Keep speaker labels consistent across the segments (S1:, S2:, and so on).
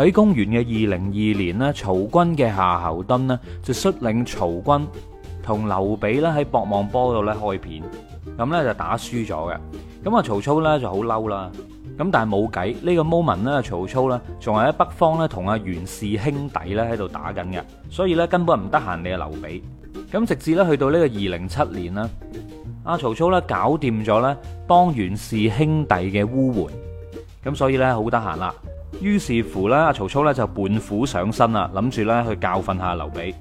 S1: 喺公元嘅二零二年咧，曹軍嘅夏侯惇咧就率領曹軍同劉備咧喺博望坡度咧開片，咁呢就打輸咗嘅。咁啊，曹操呢就好嬲啦。咁但係冇計，呢、這個 moment 呢，曹操呢仲係喺北方呢同阿袁氏兄弟呢喺度打緊嘅，所以呢，根本唔得閒理阿劉備。咁直至呢去到呢個二零七年啦，阿、啊、曹操呢搞掂咗呢幫袁氏兄弟嘅污穢，咁所以呢，好得閒啦。於是乎啦，曹操咧就半虎上身啦，諗住咧去教訓下劉備。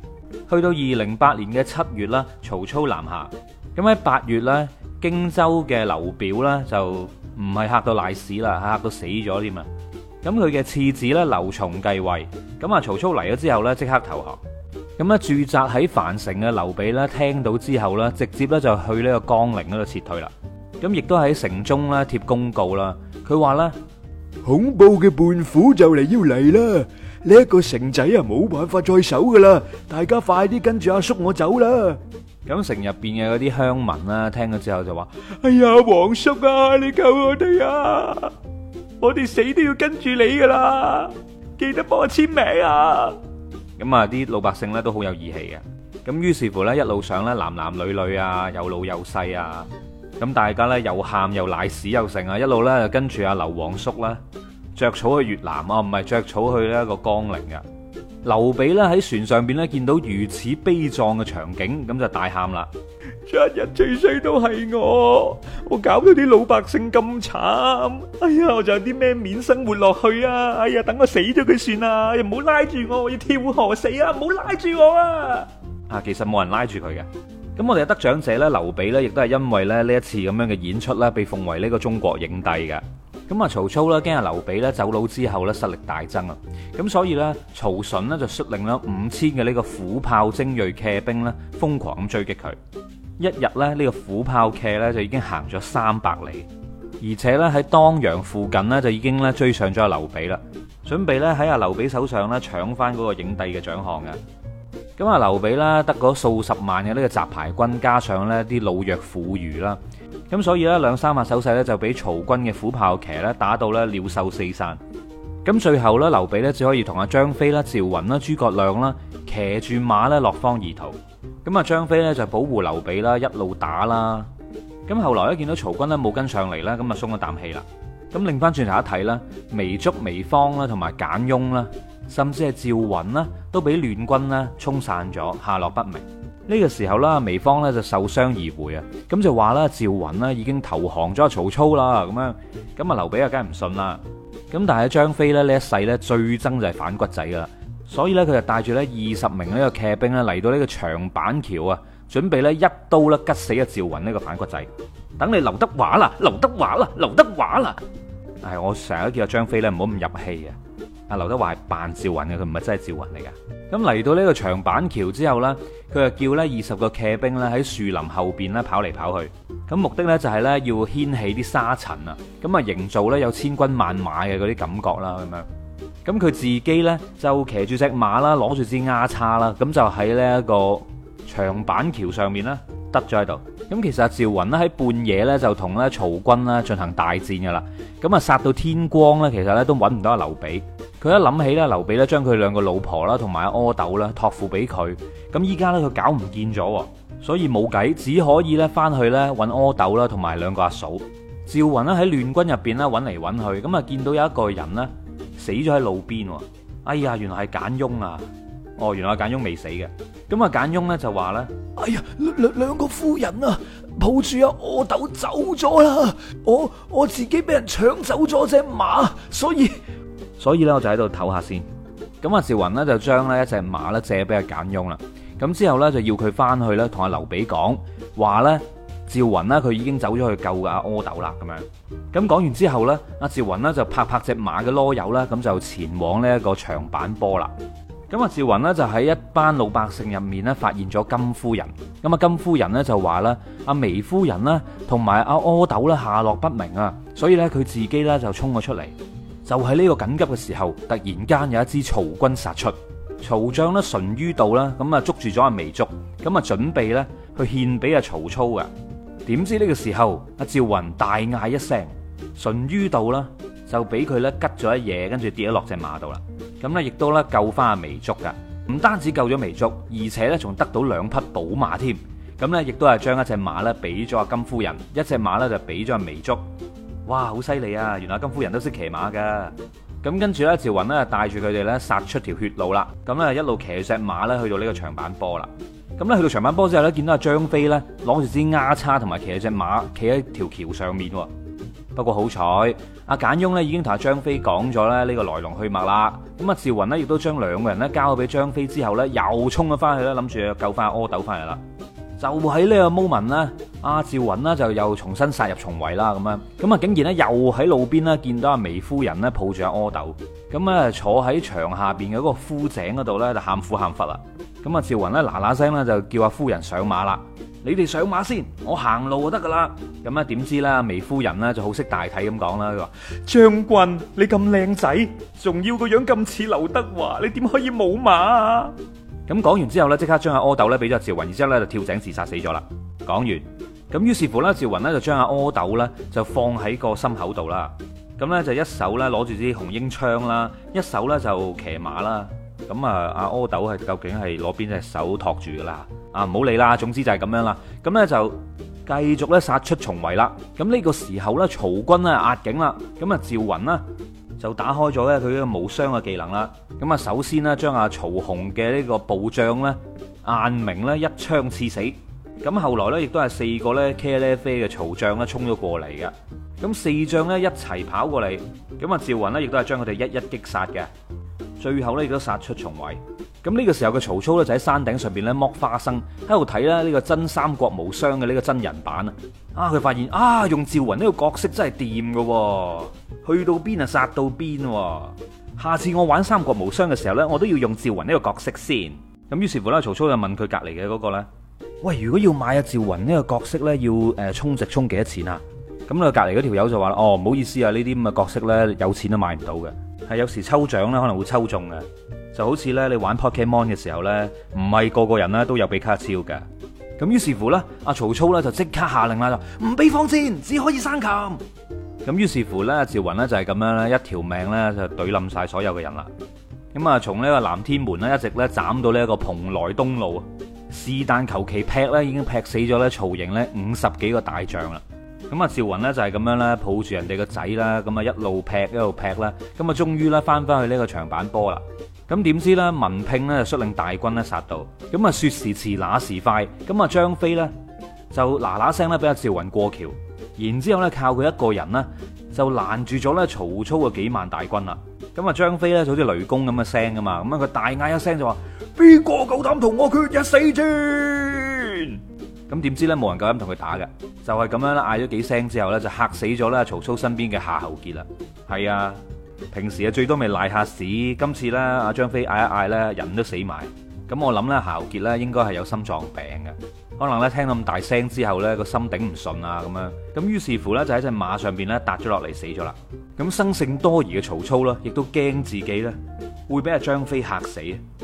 S1: 去到二零八年嘅七月啦，曹操南下。咁喺八月咧，荊州嘅劉表咧就唔係嚇到賴屎啦，嚇到死咗添啊！咁佢嘅次子咧劉琮繼位。咁啊，曹操嚟咗之後咧，即刻投降。咁咧駐紮喺樊城嘅劉備咧，聽到之後咧，直接咧就去呢個江陵嗰度撤退啦。咁亦都喺城中咧貼公告啦，佢話咧。恐怖嘅叛府，就嚟要嚟啦！呢、這、一個城仔啊，冇辦法再守噶啦！大家快啲跟住阿叔我走啦！咁城入邊嘅嗰啲鄉民啊，聽咗之後就話：哎呀，王叔啊，你救我哋啊！我哋死都要跟住你噶啦！記得幫我簽名啊！咁啊，啲老百姓咧都好有義氣嘅。咁於是乎咧，一路上咧，男男女女啊，有老有細啊。咁大家咧又喊又奶屎又剩啊，一路咧就跟住阿劉皇叔啦，着草去越南啊，唔係着草去一個江陵啊。劉備咧喺船上邊咧見到如此悲壯嘅場景，咁就大喊啦：今日最衰都係我，我搞到啲老百姓咁慘，哎呀，我仲有啲咩面生活落去啊？哎呀，等我死咗佢算啦，又唔好拉住我，我要跳河死啊！唔好拉住我啊！啊，其實冇人拉住佢嘅。咁我哋得獎者咧，劉備咧，亦都係因為咧呢一次咁樣嘅演出咧，被奉為呢個中國影帝嘅。咁啊，曹操呢，驚怕，劉備咧走佬之後咧，實力大增啊。咁所以咧，曹純呢，就率領咗五千嘅呢個虎豹精銳騎兵咧，瘋狂咁追擊佢。一日咧呢個虎豹騎咧就已經行咗三百里，而且咧喺當陽附近呢，就已經咧追上咗劉備啦，準備咧喺阿劉備手上咧搶翻嗰個影帝嘅獎項嘅。咁啊，劉備啦，得嗰數十萬嘅呢個雜牌軍，加上呢啲老弱婦孺啦，咁所以咧兩三下手勢呢，就俾曹軍嘅虎豹騎咧打到呢鳥獸四散。咁最後呢，劉備呢，只可以同阿張飛啦、趙雲啦、諸葛亮啦騎住馬呢落荒而逃。咁啊，張飛呢，就保護劉備啦，一路打啦。咁後來咧見到曹軍咧冇跟上嚟啦，咁啊鬆咗啖氣啦。咁擰翻轉頭一睇啦，糜竺、糜芳啦同埋簡雍啦。甚至係趙雲啦，都俾亂軍啦沖散咗，下落不明。呢個時候啦，糜芳咧就受傷而回啊。咁就話啦，趙雲啦已經投降咗曹操啦。咁樣咁啊，劉備啊，梗係唔信啦。咁但係張飛咧呢一世咧最憎就係反骨仔啦。所以呢，佢就帶住咧二十名呢個騎兵咧嚟到呢個長板橋啊，準備咧一刀咧吉死啊趙雲呢個反骨仔。等你劉德華啦，劉德華啦，劉德華啦。唉，我成日都叫啊張飛咧唔好咁入戲啊。阿劉德華係扮趙雲嘅，佢唔係真係趙雲嚟嘅。咁嚟到呢個長板橋之後呢，佢就叫呢二十個騎兵咧喺樹林後邊咧跑嚟跑去。咁目的呢就係呢要掀起啲沙塵啊，咁啊營造呢有千軍萬馬嘅嗰啲感覺啦。咁樣，咁佢自己呢就騎住隻馬啦，攞住支丫叉啦，咁就喺呢一個長板橋上面咧，得咗喺度。咁其實阿趙雲咧喺半夜呢就同咧曹軍啦進行大戰噶啦。咁啊殺到天光呢，其實呢都揾唔到阿劉備。佢一諗起咧，劉備咧將佢兩個老婆啦，同埋阿柯斗啦，托付俾佢。咁依家咧佢搞唔見咗，所以冇計，只可以咧翻去咧搵阿斗啦，同埋兩個阿嫂。趙雲咧喺亂軍入邊咧搵嚟搵去，咁啊見到有一個人咧死咗喺路邊。哎呀，原來係簡雍啊！哦，原來簡雍未死嘅。咁啊，簡雍咧就話咧，哎呀，兩兩個夫人啊，抱住阿柯斗走咗啦！我我自己俾人搶走咗隻馬，所以。所以咧，我就喺度唞下先。咁阿趙雲呢，就將呢一隻馬呢借俾阿簡雍啦。咁之後呢，就要佢翻去呢，同阿劉備講話呢，趙雲呢，佢已經走咗去救阿阿斗啦。咁樣咁講完之後呢，阿趙雲呢，就拍拍隻馬嘅囉柚啦，咁就前往呢一個長板坡啦。咁阿趙雲呢，就喺一班老百姓入面呢，發現咗金夫人。咁啊金夫人呢，就話呢，阿眉夫人呢，同埋阿柯斗呢，下落不明啊，所以呢，佢自己呢，就衝咗出嚟。就喺呢個緊急嘅時候，突然間有一支曹軍殺出，曹將呢，淳于導啦，咁啊捉住咗阿糜竺，咁啊準備呢去獻俾阿曹操啊。點知呢個時候阿趙雲大嗌一聲，淳于導啦就俾佢呢吉咗一嘢，跟住跌咗落隻馬度啦。咁呢亦都呢救翻阿糜竺噶，唔單止救咗糜竺，而且呢仲得到兩匹寶馬添。咁呢亦都係將一隻馬呢俾咗阿金夫人，一隻馬呢就俾咗阿糜竺。哇，好犀利啊！原來金夫人都識騎馬噶，咁跟住呢，趙雲咧帶住佢哋呢，殺出條血路啦，咁咧一路騎隻馬呢，去到呢個長板坡啦，咁呢，去到長板坡之後呢，見到阿張飛呢，攞住支鴉叉同埋騎隻馬，企喺條橋上面。不過好彩，阿簡雍呢已經同阿張飛講咗咧呢個來龍去脈啦。咁啊，趙雲呢，亦都將兩個人咧交俾張飛之後呢，又衝咗翻去咧，諗住救翻阿阿斗翻嚟啦。就喺呢個 moment 啦，阿趙雲啦就又重新殺入重圍啦，咁樣咁啊，竟然咧又喺路邊呢見到阿眉夫人呢抱住阿阿斗，咁啊，坐喺牆下邊嘅嗰個枯井嗰度呢，就喊苦喊佛啦，咁啊趙雲呢嗱嗱聲呢，就叫阿夫人上馬啦，你哋上馬先，我行路就得噶啦，咁啊點知啦？眉夫人呢就好識大體咁講啦，佢話，將軍你咁靚仔，仲要個樣咁似劉德華，你點可以冇馬啊？咁講完之後呢，即刻將阿阿斗呢俾咗趙雲，然之後呢就跳井自殺死咗啦。講完，咁於是乎呢，趙雲呢就將阿阿斗呢就放喺個心口度啦。咁呢就一手呢攞住支紅纓槍啦，一手呢就騎馬啦。咁啊，阿阿斗係究竟係攞邊隻手托住噶啦？啊，唔好理啦，總之就係咁樣啦。咁呢就繼續呢殺出重圍啦。咁呢個時候呢，曹軍呢壓境啦。咁啊，趙雲呢。就打開咗咧佢呢個無雙嘅技能啦，咁啊首先咧將阿曹洪嘅呢個部將咧晏明咧一槍刺死，咁後來咧亦都係四個咧茄喱啡嘅曹將咧衝咗過嚟嘅，咁四將咧一齊跑過嚟，咁啊趙雲呢，亦都係將佢哋一一擊殺嘅，最後咧亦都殺出重圍。咁呢個時候嘅曹操咧就喺山頂上邊咧剝花生，喺度睇啦呢個真三國無雙嘅呢個真人版啊！啊，佢發現啊用趙雲呢個角色真係掂噶，去到邊啊殺到邊，下次我玩三國無雙嘅時候呢，我都要用趙雲呢個角色先。咁於是乎呢，曹操就問佢隔籬嘅嗰個呢：「喂，如果要買啊趙雲呢個角色呢，要誒、呃、充值充幾多錢啊？」咁咧，隔籬嗰條友就話：「哦，唔好意思啊，呢啲咁嘅角色呢，有錢都買唔到嘅，係有時抽獎咧可能會抽中嘅。就好似咧，你玩 Pokemon 嘅時候咧，唔係個個人咧都有比卡超噶。咁於是乎咧，阿曹操咧就即刻下令啦，就唔俾放箭，只可以生擒。咁於是乎咧，趙雲呢就係咁樣咧，一條命咧就懟冧晒所有嘅人啦。咁啊，從呢個南天門啦，一直咧斬到呢一個蓬萊東路，是但求其劈咧，已經劈死咗咧曹營呢五十幾個大將啦。咁啊，趙雲呢就係咁樣啦，抱住人哋個仔啦，咁啊一路劈一路劈啦，咁啊終於咧翻翻去呢個長板坡啦。咁點知咧？文聘咧就率領大軍咧殺到，咁啊說時遲那時快，咁啊張飛呢，就嗱嗱聲咧俾阿趙雲過橋，然之後咧靠佢一個人呢，就攔住咗咧曹操嘅幾萬大軍啦。咁啊張飛咧就好似雷公咁嘅聲噶嘛，咁啊佢大嗌一聲就話：邊個夠膽同我決一死戰？咁點知咧冇人夠膽同佢打嘅，就係咁樣嗌咗幾聲之後咧就吓死咗咧曹操身邊嘅夏侯傑啦。係啊。平時啊最多咪賴下屎，今次呢，阿張飛嗌一嗌呢，人都死埋，咁我諗呢，豪傑呢應該係有心臟病嘅，可能呢聽到咁大聲之後呢，個心頂唔順啊，咁樣，咁於是乎呢，就喺隻馬上邊呢，踏咗落嚟死咗啦。咁生性多疑嘅曹操呢，亦都驚自己呢會俾阿張飛嚇死，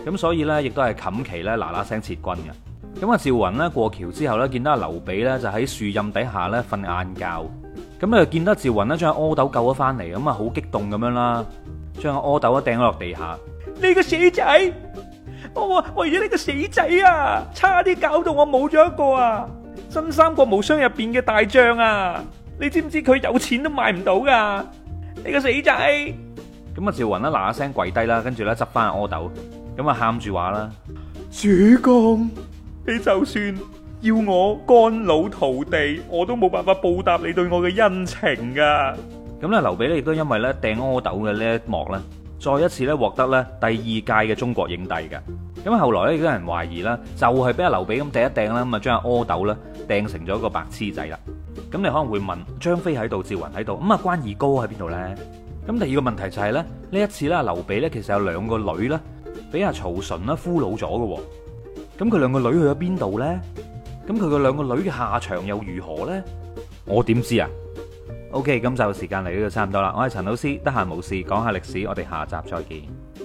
S1: 咁所以呢，亦都係冚旗呢，嗱嗱聲撤軍嘅。咁阿趙雲呢，過橋之後呢，見到阿劉備呢，就喺樹蔭底下呢，瞓晏覺。咁啊，見到趙雲咧將阿阿斗救咗翻嚟，咁啊好激動咁樣啦，將阿阿斗啊掟咗落地下。你個死仔！哦，為咗你個死仔啊，差啲搞到我冇咗一個啊！真三國無雙入邊嘅大將啊，你知唔知佢有錢都買唔到噶？你個死仔！咁啊、嗯，趙雲咧嗱嗱聲跪低啦，跟住咧執翻阿阿斗，咁啊喊住話啦：主公，你就算。要我肝腦塗地，我都冇辦法報答你對我嘅恩情噶。咁咧，劉備咧亦都因為咧掟阿斗嘅呢一幕咧，再一次咧獲得咧第二屆嘅中國影帝嘅。咁啊，後來咧亦都有人懷疑啦，就係俾阿劉備咁掟一掟啦，咁啊將阿阿斗咧掟成咗個白痴仔啦。咁你可能會問：張飛喺度，趙雲喺度，咁、嗯、啊關二哥喺邊度咧？咁第二個問題就係、是、咧，呢一次咧，劉備咧其實有兩個女咧，俾阿曹純啦俘虜咗嘅。咁佢兩個女去咗邊度咧？咁佢個兩個女嘅下場又如何呢？我點知啊？OK，今集時間嚟到差唔多啦。我係陳老師，得閒無事講下歷史，我哋下集再見。